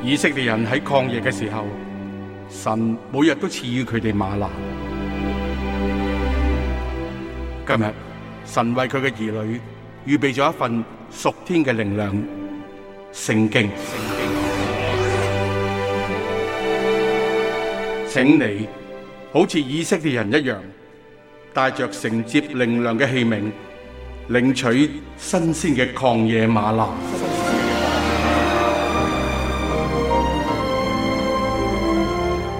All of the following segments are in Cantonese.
以色列人喺曠野嘅時候，神每日都賜予佢哋嗎哪。今日，神為佢嘅兒女預備咗一份屬天嘅靈糧——聖經。聖經。請你好似以色列人一樣，帶着承接靈糧嘅器皿，領取新鮮嘅曠野嗎哪。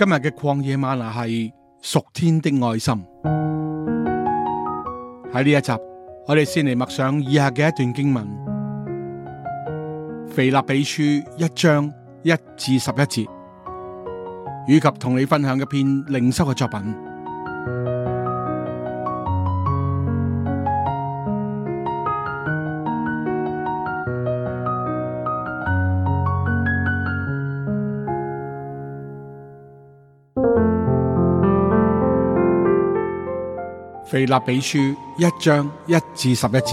今日嘅《曠野嗎哪》係屬天的愛心。喺呢一集，我哋先嚟默想以下嘅一段經文，《腓立比書》一章一至十一節，以及同你分享一篇靈修嘅作品。腓立比書一章一至十一節，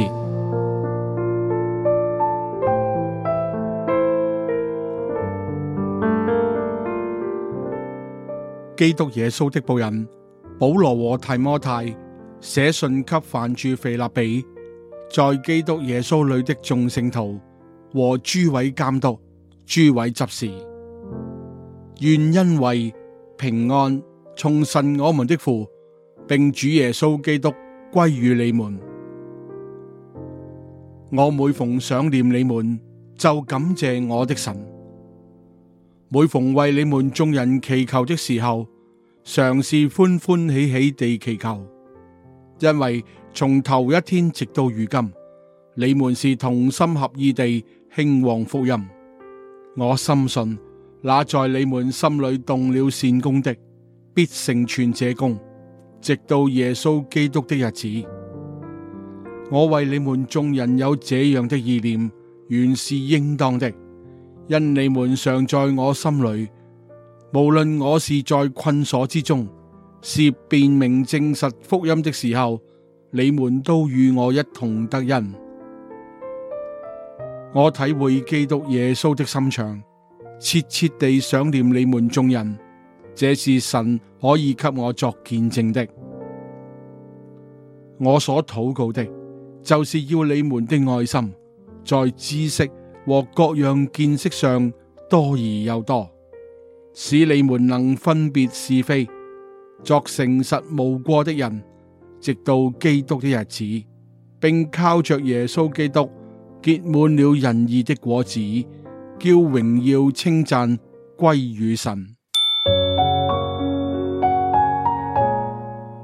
基督耶穌的僕人保羅和提摩太寫信給凡住腓立比，在基督耶穌裏的眾聖徒和諸位監督、諸位執事，願因為平安，從信我們的父。並主耶穌基督歸於你們。我每逢想念你們，就感謝我的神。每逢為你們眾人祈求的時候，常是歡歡喜喜地祈求，因為從頭一天直到如今，你們是同心合意地興旺福音。我深信那在你們心裏動了善功的，必成全這功。直到耶穌基督的日子，我為你們眾人有這樣的意念，原是應當的，因你們常在我心裏，無論我是在困鎖之中，是辨明證實福音的時候，你們都與我一同得恩。我體會基督耶穌的心腸，切切地想念你們眾人。這是神可以給我作見證的。我所禱告的，就是要你們的愛心在知識和各樣見識上多而又多，使你們能分別是非，作誠實無過的人，直到基督的日子，並靠着耶穌基督結滿了仁義的果子，叫榮耀稱讚歸與神。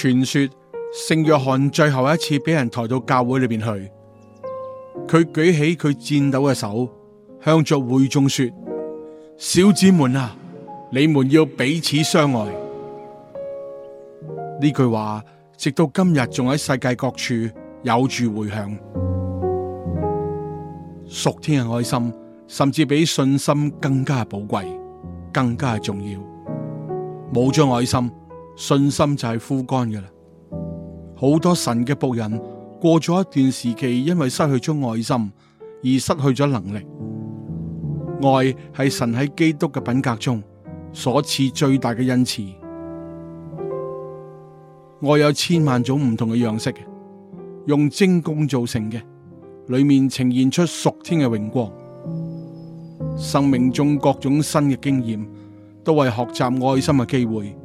傳說聖約翰最後一次俾人抬到教會裏邊去，佢舉起佢顫抖嘅手，向着會眾說：小子們啊，你們要彼此相愛。呢句話直到今日仲喺世界各處有住回響。屬天嘅愛心甚至比信心更加寶貴，更加重要。冇咗愛心。信心就係枯乾嘅啦，好多神嘅僕人過咗一段時期，因為失去咗愛心而失去咗能力。愛係神喺基督嘅品格中所賜最大嘅恩慈。愛有千萬種唔同嘅樣式，用精工造成嘅，裏面呈現出屬天嘅榮光。生命中各種新嘅經驗都係學習愛心嘅機會。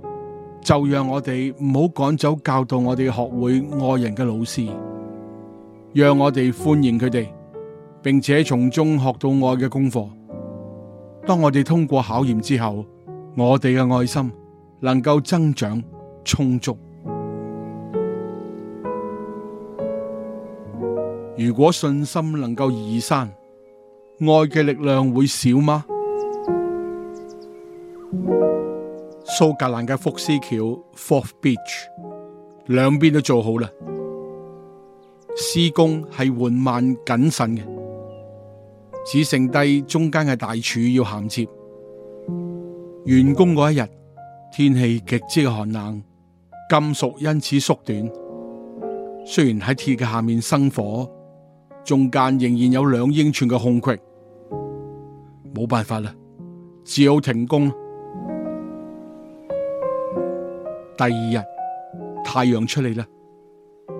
就讓我哋唔好趕走教導我哋學會愛人嘅老師，讓我哋歡迎佢哋，並且從中學到愛嘅功課。當我哋通過考驗之後，我哋嘅愛心能夠增長充足。如果信心能夠移山，愛嘅力量會少嗎？蘇格蘭嘅福斯橋 （Forth b e a c h 兩邊都做好啦，施工係緩慢謹慎嘅，只剩低中間嘅大柱要銜接。完工嗰一日，天氣極之嘅寒冷，金屬因此縮短。雖然喺鐵嘅下面生火，中間仍然有兩英寸嘅空隙，冇辦法啦，只好停工。第二日太陽出嚟啦，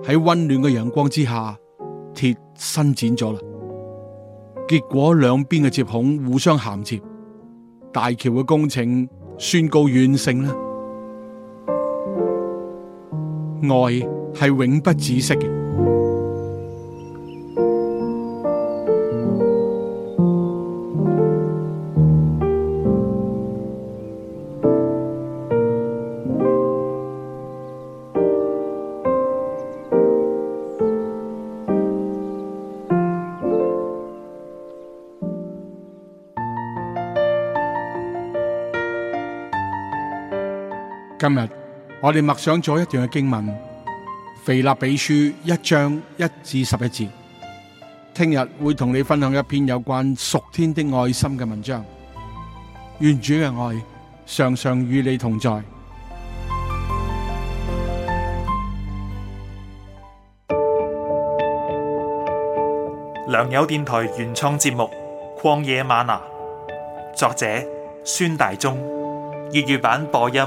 喺溫暖嘅陽光之下，鐵伸展咗，結果兩邊嘅接孔互相銜接，大橋嘅工程宣告完成啦。愛是永不止息的。今日我哋默想咗一段嘅經文《腓立比書》一章一至十一節，聽日會同你分享一篇有關屬天的愛心嘅文章。願主嘅愛常常與你同在。良友電台原創節目《曠野嗎哪》，作者孫大中，粵語版播音。